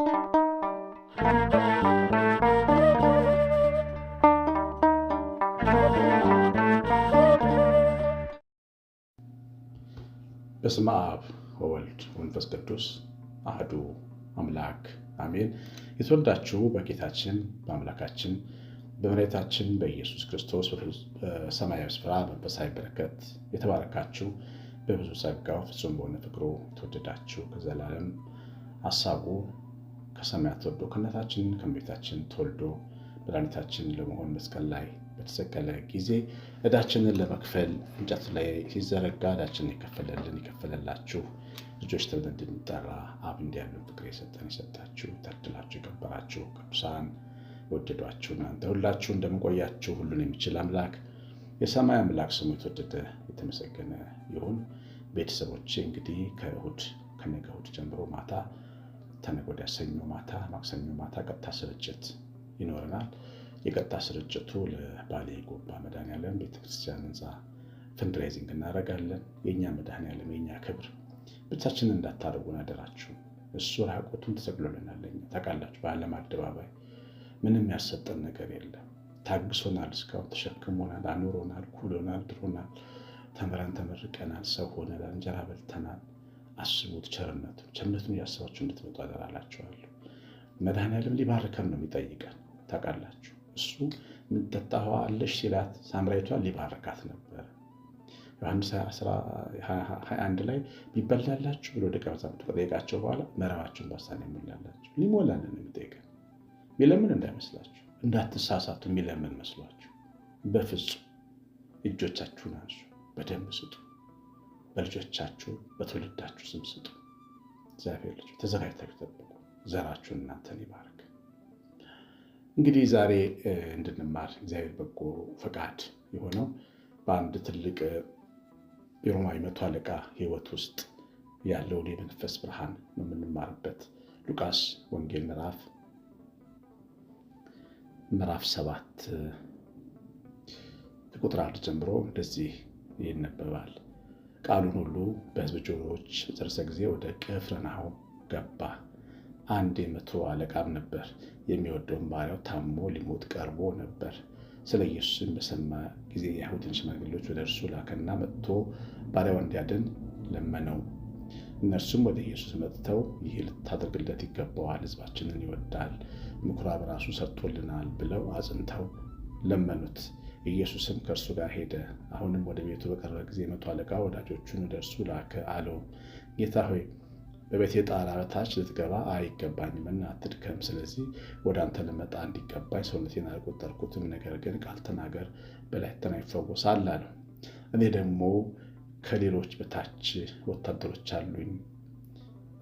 በስመ አብ ወወልድ ወመንፈስ ቅዱስ አህዱ አምላክ አሜን። የተወለዳችሁ በጌታችን በአምላካችን በመሬታችን በኢየሱስ ክርስቶስ በሰማያዊ ስፍራ መንፈሳዊ በረከት የተባረካችሁ በብዙ ጸጋው ፍጹም በሆነ ፍቅሩ የተወደዳችሁ ከዘላለም ሀሳቡ ከሰማያት ወርዶ ከእናታችን ከእመቤታችን ተወልዶ መድኃኒታችን ለመሆን መስቀል ላይ በተሰቀለ ጊዜ እዳችንን ለመክፈል እንጨት ላይ ሲዘረጋ ዕዳችንን የከፈለልን የከፈለላችሁ ልጆች ተብለን እንድንጠራ አብ እንዲህ ያለ ፍቅር የሰጠን የሰጣችሁ ተድላችሁ የከበራችሁ ቅዱሳን ወደዷችሁ እናንተ ሁላችሁ እንደምቆያችሁ ሁሉን የሚችል አምላክ የሰማይ አምላክ ስሙ የተወደደ የተመሰገነ ይሁን። ቤተሰቦች እንግዲህ ከእሁድ ከነገ እሁድ ጀምሮ ማታ ተነጎዳ ሰኞ ማታ ማክሰኞ ማታ ቀጥታ ስርጭት ይኖረናል። የቀጥታ ስርጭቱ ለባሌ ጎባ መድኃኔዓለም ቤተክርስቲያን ህንፃ ፈንድራይዚንግ እናደርጋለን። የእኛ መድኃኔዓለም የእኛ ክብር ብቻችንን እንዳታደርጉን አደራችሁ። እሱ ራቁቱን ተሰቅሎልናል። ታውቃላችሁ፣ በዓለም አደባባይ ምንም ያሰጠን ነገር የለም። ታግሶናል፣ እስካሁን ተሸክሞናል፣ አኑሮናል፣ ኩሎናል፣ ድሮናል፣ ተምረን ተመርቀናል፣ ሰው ሆነናል፣ እንጀራ በልተናል። አስቡት ቸርነቱን ቸርነቱን እያስባችሁ እንድትመጡ አደራላችኋለሁ። መድኃኒዓለም ሊባርከን ነው የሚጠይቀን ታውቃላችሁ። እሱ ምንጠጣ ውሃ አለሽ ሲላት ሳምራዊቷን ሊባርካት ነበረ። ዮሐንስ 21 ላይ ቢበላላችሁ ብሎ ደቀ መዛሙርቱ ከጠየቃቸው በኋላ መረባችሁን በሳን የሚላላችሁ ሊሞላልን የሚጠይቀን ሚለምን እንዳይመስላችሁ እንዳትሳሳቱ የሚለምን መስሏችሁ፣ በፍጹም እጆቻችሁን አንሱ፣ በደንብ ስጡ። በልጆቻችሁ በትውልዳችሁ ስም ስጡ። እግዚአብሔር ልጅ ተዘጋጅታችሁ ጠብቁ። ዘራችሁ እናንተን ይባርክ። እንግዲህ ዛሬ እንድንማር እግዚአብሔር በጎ ፈቃድ የሆነው በአንድ ትልቅ የሮማዊ መቶ አለቃ ህይወት ውስጥ ያለውን የመንፈስ ብርሃን የምንማርበት ሉቃስ ወንጌል ምዕራፍ ምዕራፍ ሰባት ቁጥር አንድ ጀምሮ እንደዚህ ይነበባል። ቃሉን ሁሉ በሕዝብ ጆሮዎች ደረሰ ጊዜ ወደ ቅፍርናሆም ገባ። አንድ የመቶ አለቃም ነበር፣ የሚወደውን ባሪያው ታሞ ሊሞት ቀርቦ ነበር። ስለ ኢየሱስም በሰማ ጊዜ የአይሁድን ሽማግሌዎች ወደ እርሱ ላከና መጥቶ ባሪያው እንዲያድን ለመነው። እነርሱም ወደ ኢየሱስ መጥተው ይህ ልታደርግለት ይገባዋል፣ ሕዝባችንን ይወዳል፣ ምኩራብ ራሱ ሰጥቶልናል ብለው አጽንተው ለመኑት። ኢየሱስም ከእርሱ ጋር ሄደ። አሁንም ወደ ቤቱ በቀረበ ጊዜ መቶ አለቃ ወዳጆቹን ወደ እርሱ ላከ፣ አለው ጌታ ሆይ በቤቴ ጣራ በታች ልትገባ አይገባኝምና አትድከም። ስለዚህ ወደ አንተ ልመጣ እንዲገባኝ ሰውነቴን አልቆጠርኩትም። ነገር ግን ቃል ተናገር፣ በላይተና ይፈወሳል አለው። እኔ ደግሞ ከሌሎች በታች ወታደሮች አሉኝ።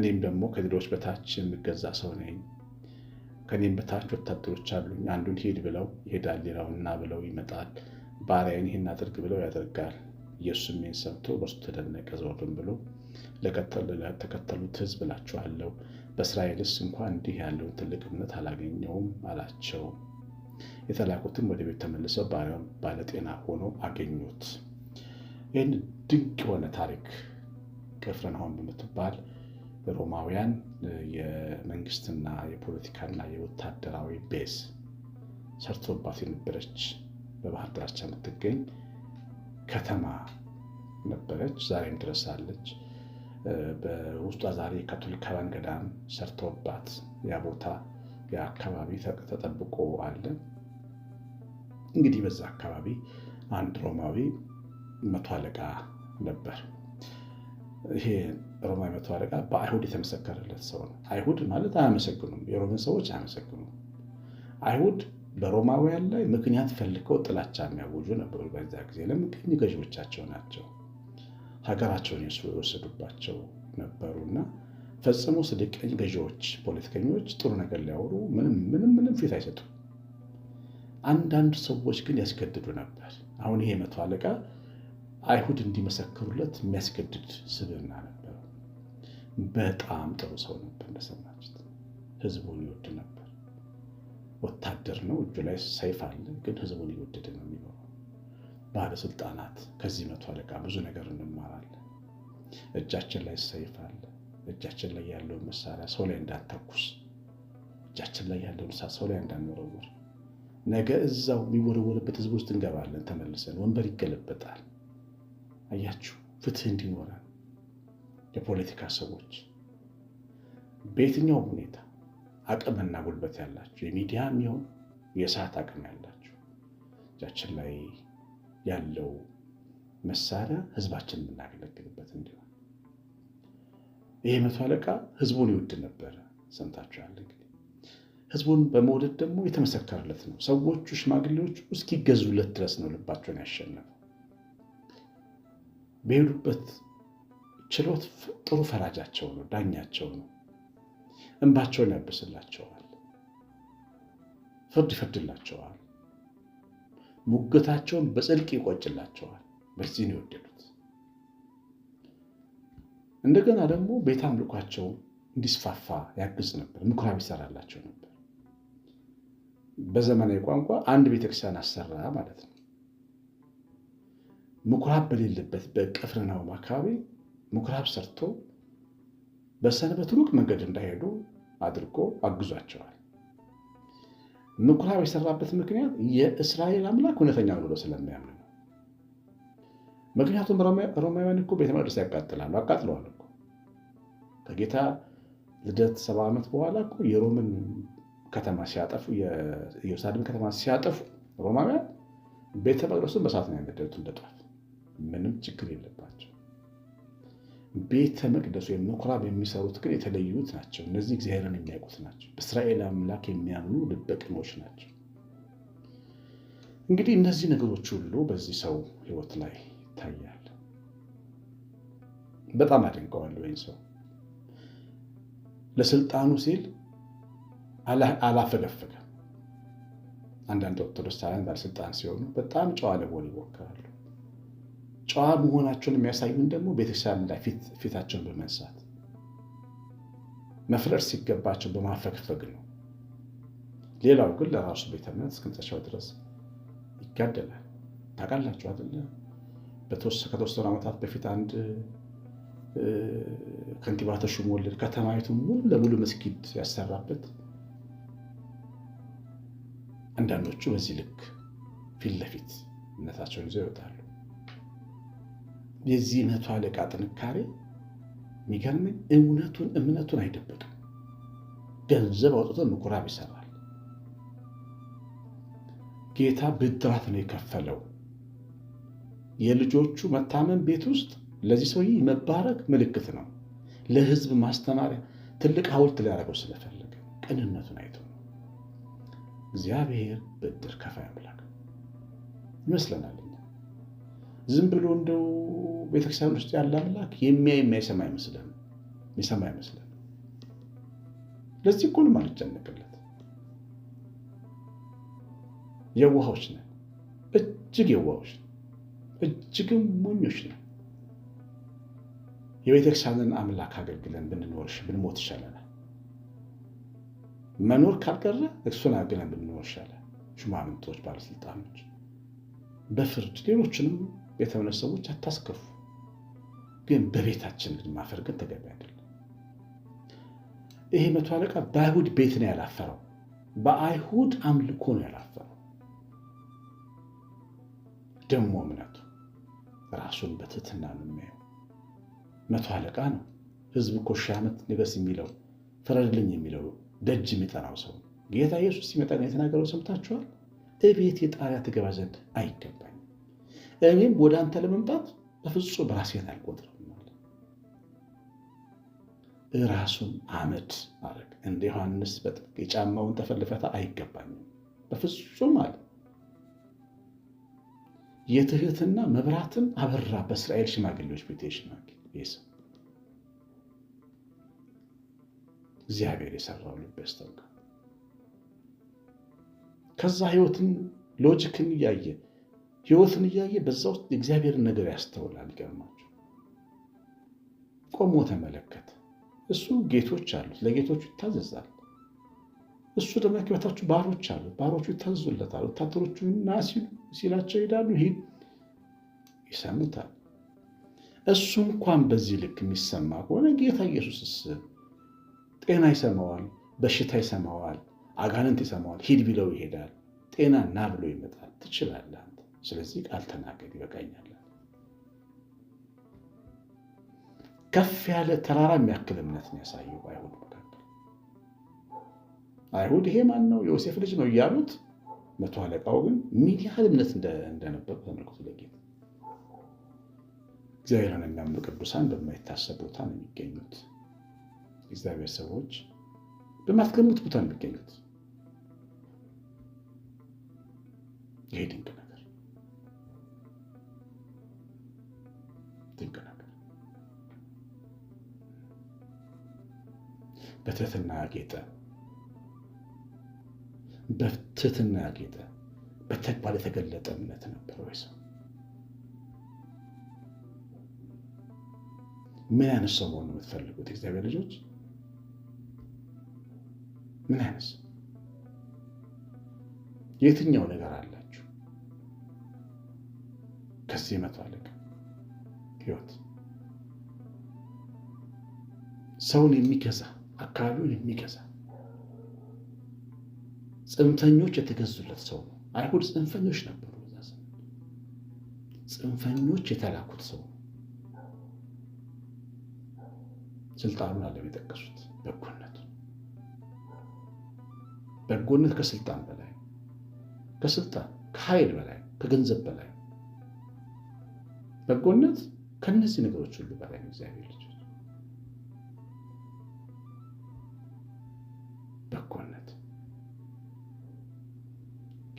እኔም ደግሞ ከሌሎች በታች የምገዛ ሰው ነኝ። ከኔም በታች ወታደሮች አሉኝ። አንዱን ሂድ ብለው ይሄዳል፣ ሌላውን ና ብለው ይመጣል። ባሪያዬን ይህን አድርግ ብለው ያደርጋል። ኢየሱስም ይህን ሰምቶ በሱ ተደነቀ። ዘወርም ብሎ ለተከተሉት ህዝብ እላችኋለሁ በእስራኤልስ እንኳን እንዲህ ያለውን ትልቅ እምነት አላገኘውም አላቸው። የተላኩትም ወደ ቤት ተመልሰው ባሪያውን ባለጤና ሆኖ አገኙት። ይህን ድንቅ የሆነ ታሪክ ቅፍርናሆም በምትባል ሮማውያን የመንግስትና የፖለቲካና የወታደራዊ ቤዝ ሰርቶባት የነበረች በባህር ዳርቻ የምትገኝ ከተማ ነበረች። ዛሬም ድረስ አለች። በውስጧ ዛሬ የካቶሊካውያን ገዳም ሰርተውባት ያ ቦታ የአካባቢ ተጠብቆ አለ። እንግዲህ በዛ አካባቢ አንድ ሮማዊ መቶ አለቃ ነበር። ይሄ በሮማ የመቶ አለቃ በአይሁድ የተመሰከረለት ሰው ነው። አይሁድ ማለት አያመሰግኑም፣ የሮምን ሰዎች አያመሰግኑም። አይሁድ በሮማውያን ላይ ምክንያት ፈልገው ጥላቻ የሚያውጁ ነበሩ። በዚያ ጊዜ ለምን ገዥቦቻቸው ናቸው፣ ሀገራቸውን የወሰዱባቸው ነበሩና ፈጽሞ ስድቀኝ ገዢዎች ፖለቲከኞች ጥሩ ነገር ሊያወሩ ምንም ምንም ፊት አይሰጡም። አንዳንድ ሰዎች ግን ያስገድዱ ነበር። አሁን ይሄ መቶ አለቃ አይሁድ እንዲመሰክሩለት የሚያስገድድ ስብዕና በጣም ጥሩ ሰው ነበር። እንደሰማችሁት ህዝቡን ይወድ ነበር። ወታደር ነው፣ እጁ ላይ ሰይፍ አለ፣ ግን ህዝቡን ይወድድ ነው የሚኖረው። ባለስልጣናት ከዚህ መቶ አለቃ ብዙ ነገር እንማራለን። እጃችን ላይ ሰይፍ አለ። እጃችን ላይ ያለውን መሳሪያ ሰው ላይ እንዳተኩስ እጃችን ላይ ያለውን ሳ ሰው ላይ እንዳንወረወር። ነገ እዛው የሚወረወርበት ህዝብ ውስጥ እንገባለን ተመልሰን፣ ወንበር ይገለበጣል። አያችሁ፣ ፍትህ እንዲኖረን የፖለቲካ ሰዎች በየትኛውም ሁኔታ አቅምና ጉልበት ያላቸው የሚዲያ የሚሆን የእሳት አቅም ያላቸው እጃችን ላይ ያለው መሳሪያ ህዝባችን የምናገለግልበት እንዲሆን ይህ መቶ አለቃ ህዝቡን ይወድ ነበረ። ሰምታችኋል እንግዲህ። ህዝቡን በመውደድ ደግሞ የተመሰከረለት ነው። ሰዎቹ፣ ሽማግሌዎቹ እስኪገዙለት ድረስ ነው ልባቸውን ያሸነፈው በሄዱበት ችሎት ጥሩ ፈራጃቸው ነው፣ ዳኛቸው ነው። እንባቸውን ያብስላቸዋል፣ ፍርድ ይፈርድላቸዋል፣ ሙግታቸውን በጽድቅ ይቆጭላቸዋል። በዚህ ነው የወደዱት። እንደገና ደግሞ ቤተ አምልኳቸው እንዲስፋፋ ያግዝ ነበር፣ ምኩራብ ይሰራላቸው ነበር። በዘመናዊ ቋንቋ አንድ ቤተክርስቲያን አሰራ ማለት ነው። ምኩራብ በሌለበት በቅፍርናሆም አካባቢ ምኩራብ ሰርቶ በሰንበት ሩቅ መንገድ እንዳይሄዱ አድርጎ አግዟቸዋል። ምኩራብ የሰራበት ምክንያት የእስራኤል አምላክ እውነተኛ ነው ብሎ ስለሚያምን ነው። ምክንያቱም ሮማውያን እኮ ቤተ መቅደስ ያቃጥላሉ፣ አቃጥለዋል እኮ ከጌታ ልደት ሰባ ዓመት በኋላ እኮ የሮምን ከተማ ሲያጠፉ፣ የኢየሩሳሌም ከተማ ሲያጠፉ ሮማውያን ቤተ መቅደሱን በሳት ነው ያነደዱት። ምንም ችግር የለባቸው። ቤተ መቅደሱ ወይም ምኩራብ የሚሰሩት ግን የተለዩት ናቸው። እነዚህ እግዚአብሔርን የሚያውቁት ናቸው። በእስራኤል አምላክ የሚያምኑ ልበ ናቸው። እንግዲህ እነዚህ ነገሮች ሁሉ በዚህ ሰው ሕይወት ላይ ይታያል። በጣም አደንቀዋለሁ ይህን ሰው። ለስልጣኑ ሲል አላፈገፈገም። አንዳንድ ኦርቶዶክሳውያን ባለስልጣን ሲሆኑ በጣም ጨዋ ለመሆን ይሞክራሉ። ጨዋ መሆናቸውን የሚያሳዩን ደግሞ ቤተክርስቲያን ላይ ፊታቸውን በመንሳት መፍረር ሲገባቸው በማፈግፈግ ነው። ሌላው ግን ለራሱ ቤተ እምነት እስከመጨረሻው ድረስ ይጋደላል። ታውቃላችሁ አይደለ? ከተወሰኑ ዓመታት በፊት አንድ ከንቲባ ተሹሞልን ከተማይቱን ሙሉ ለሙሉ መስጊድ ያሰራበት አንዳንዶቹ በዚህ ልክ ፊት ለፊት እምነታቸውን ይዘው ይወጣሉ። የዚህ መቶ አለቃ ጥንካሬ የሚገርመኝ እውነቱን እምነቱን አይደብቅም። ገንዘብ አውጥቶ ምኩራብ ይሰራል። ጌታ ብድራት ነው የከፈለው። የልጆቹ መታመን ቤት ውስጥ ለዚህ ሰውዬ መባረክ ምልክት ነው። ለህዝብ ማስተማሪያ ትልቅ ሐውልት ሊያደርገው ስለፈለገ ቅንነቱን አይቶ እግዚአብሔር ብድር ከፋይ አምላክ ይመስለናል። ዝም ብሎ እንደው ቤተክርስቲያን ውስጥ ያለ አምላክ የሚያይ የማይሰማ አይመስለን የሚሰማ አይመስልም። ለዚህ እኮ ነው አልጨነቅለት። የዋሆች ነን፣ እጅግ የዋሆች ነን፣ እጅግም ሞኞች ነን። የቤተክርስቲያንን አምላክ አገልግለን ብንኖርሽ ብንሞት ይሻለናል። መኖር ካልቀረ እሱን አገልግለን ብንኖር ይሻላል። ሹማምንቶች፣ ባለስልጣኖች በፍርድ ሌሎችንም ቤተ እምነት ሰዎች አታስከፉ፣ ግን በቤታችን ማፈር ግን ተገቢ አይደለም። ይሄ መቶ አለቃ በአይሁድ ቤት ነው ያላፈረው፣ በአይሁድ አምልኮ ነው ያላፈረው። ደግሞ እምነቱ ራሱን በትህትና ነው የሚያየው። መቶ አለቃ ነው። ህዝብ እኮ ሺህ ዓመት ንገስ የሚለው ፍረድልኝ የሚለው ደጅ የሚጠራው ሰው ጌታ ኢየሱስ ሲመጣ የተናገረው ሰምታችኋል። እቤት የጣሪያ ትገባ ዘንድ አይገባል እኔም ወደ አንተ ለመምጣት በፍጹም ራሴን አልቆጥርም። ራሱን አመድ ማድረግ እንደ ዮሐንስ በጥብቅ የጫማውን ተፈልፈታ አይገባኝም በፍጹም አለ። የትህትና መብራትን አበራ በእስራኤል ሽማግሌዎች ቤት ሽማግሌ እግዚአብሔር የሰራው ልብ ያስታውቃል። ከዛ ህይወትን ሎጂክን እያየን ህይወትን እያየ በዛ ውስጥ የእግዚአብሔርን ነገር ያስተውላል። ይገርማቸው ቆሞ ተመለከተ። እሱ ጌቶች አሉት፣ ለጌቶቹ ይታዘዛል። እሱ ደግሞ ያክበታችሁ ባሮች አሉት፣ ባሮቹ ይታዘዙለታል። ወታደሮቹ ና ሲላቸው ይሄዳሉ፣ ይህ ይሰሙታል። እሱ እንኳን በዚህ ልክ የሚሰማ ከሆነ ጌታ ኢየሱስስ ጤና ይሰማዋል፣ በሽታ ይሰማዋል፣ አጋንንት ይሰማዋል። ሂድ ቢለው ይሄዳል። ጤና ና ብሎ ይመጣል። ትችላለህ ስለዚህ ቃል ተናገር ይበቃኛል። ከፍ ያለ ተራራ የሚያክል እምነት ያሳየው አይሁድ መካከል። አይሁድ ይሄ ማን ነው? የዮሴፍ ልጅ ነው እያሉት፣ መቶ አለቃው ግን ምን ያህል እምነት እንደነበሩ ተመልክቱ። ለጌታ እግዚአብሔርን የሚያምኑ ቅዱሳን በማይታሰብ ቦታ ነው የሚገኙት። እግዚአብሔር ሰዎች በማትገሙት ቦታ ነው የሚገኙት። ይሄ ድንቅ ነው። በትህትና ያጌጠ በትህትና ያጌጠ በተግባር የተገለጠ እምነት ነበር ወይ ሰው? ምን አይነት ሰው መሆን ነው የምትፈልጉት? የእግዚአብሔር ልጆች ምን አይነት ሰው? የትኛው ነገር አላችሁ ከዚህ መቶ አለቀ ህይወት ሰውን የሚገዛ አካባቢውን የሚገዛ ጽንፈኞች የተገዙለት ሰው ነው። አይሁድ ጽንፈኞች ነበሩ። ጽንፈኞች የተላኩት ሰው ስልጣኑን አለም የጠቀሱት በጎነቱ በጎነት ከስልጣን በላይ ከስልጣን ከኃይል በላይ ከገንዘብ በላይ በጎነት ከነዚህ ነገሮች ሁሉ በላይ እግዚአብሔር ልጅ በጎነት፣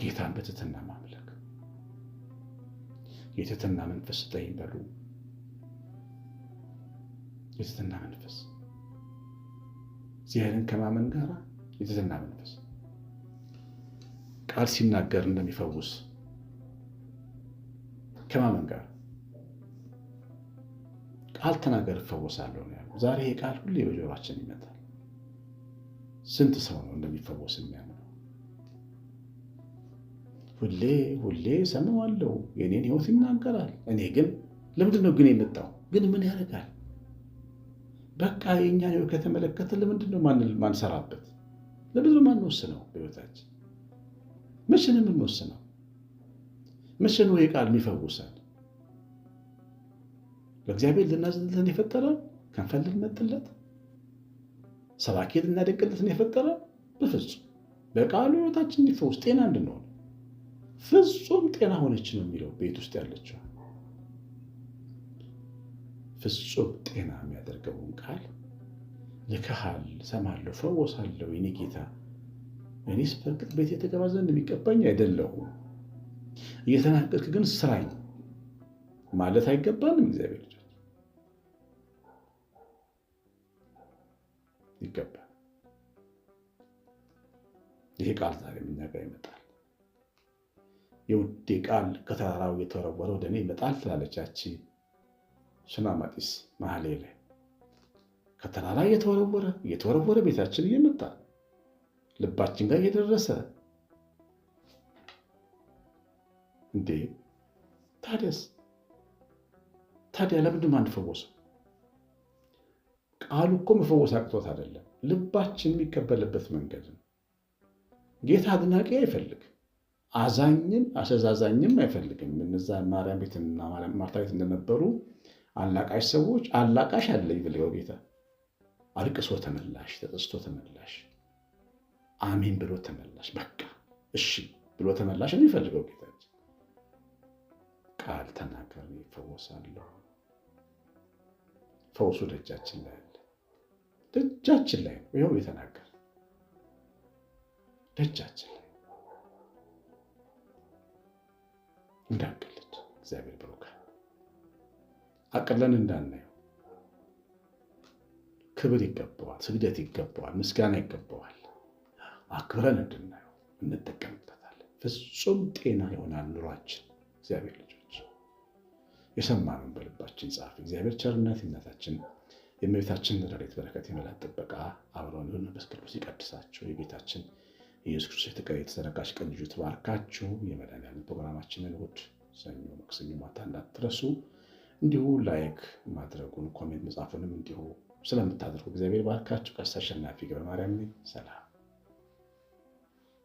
ጌታን በትትና ማምለክ፣ የትትና መንፈስ ስጠኝ በሉ። የትትና መንፈስ እግዚአብሔርን ከማመን ጋር የትትና መንፈስ ቃል ሲናገር እንደሚፈውስ ከማመን ጋር ቃል ተናገር እፈወሳለሁ ነው ያለው። ዛሬ ይህ ቃል ሁሌ በጆሯችን ይመጣል። ስንት ሰው ነው እንደሚፈወስ የሚያምነው? ሁሌ ሁሌ ሰማዋለሁ፣ የኔን ህይወት ይናገራል። እኔ ግን ለምንድን ነው ግን የመጣው ግን ምን ያደርጋል? በቃ የእኛን ህይወት ከተመለከተ ለምንድን ነው ማንሰራበት? ለምንድን ነው ማንወስነው? በህይወታችን መቼ ነው የምንወስነው? መቼ ነው ቃል የሚፈውሰን? ለእግዚአብሔር ልናዝንለት የፈጠረ ከንፈር ልንመጥለት ሰባኪ ልናደቅለትን የፈጠረ በፍጹም በቃሉ ህይወታችን እንዲፈውስ ጤና እንድንሆን ፍጹም ጤና ሆነች ነው የሚለው ቤት ውስጥ ያለችው ፍጹም ጤና የሚያደርገውን ቃል ልክሃል፣ ሰማለሁ፣ ፈወሳለሁ የኔ ጌታ። እኔስ በእርግጥ ቤት የተገባ ዘንድ የሚገባኝ አይደለሁም፣ እየተናቀቅ ግን ስራኝ ማለት አይገባንም እግዚአብሔር ይገባል። ይሄ ቃል ዛሬ እኛ ጋር ይመጣል። የውዴ ቃል ከተራራው የተወረወረ ወደ እኔ ይመጣል ትላለቻች ሽናማጢስ መሀሌ ላይ ከተራራ እየተወረወረ እየተወረወረ ቤታችን እየመጣ ልባችን ጋር እየደረሰ እንዴ! ታዲያስ ታዲያ ለምንድን አንፈወሰው? ቃሉ እኮ መፈወስ አቅቶት አይደለም፣ ልባችን የሚቀበልበት መንገድ ነው። ጌታ አድናቂ አይፈልግ፣ አዛኝን አስተዛዛኝም አይፈልግም። እነዛ ማርያም ቤትና ማርታ ቤት እንደነበሩ አላቃሽ ሰዎች አላቃሽ አለ ብለው ጌታ። አልቅሶ ተመላሽ፣ ተጠስቶ ተመላሽ፣ አሜን ብሎ ተመላሽ፣ በቃ እሺ ብሎ ተመላሽ ነው ይፈልገው ጌታ። ቃል ተናገር፣ ይፈወሳለሁ። ፈውሱ ደጃችን ላይ ደጃችን ላይ ነው ይኸው የተናገር ደጃችን ላይ እንዳቅልት እግዚአብሔር ብሩካ አቅለን እንዳናየው ክብር ይገባዋል፣ ስግደት ይገባዋል፣ ምስጋና ይገባዋል። አክብረን እንድናየው እንጠቀምበታለን። ፍጹም ጤና ይሆናል ኑሯችን። እግዚአብሔር ልጆች የሰማነውን በልባችን ጻፍ። እግዚአብሔር ቸርነት እናታችን የእመቤታችን ረድኤት በረከት የመላት ጥበቃ አብረን ይሁን። መንፈስ ቅዱስ ይቀድሳችሁ። የጌታችን ኢየሱስ ክርስቶስ የተዘረጋች ቀን ልጁ ትባርካችሁ። የመድኃኒዓለም ፕሮግራማችንን እሑድ፣ ሰኞ፣ ማክሰኞ ማታ እንዳትረሱ። እንዲሁ ላይክ ማድረጉን ኮሜንት መጻፉንም እንዲሁ ስለምታደርጉ እግዚአብሔር ባርካችሁ። ቀሲስ አሸናፊ ገብረማርያም ነኝ። ሰላም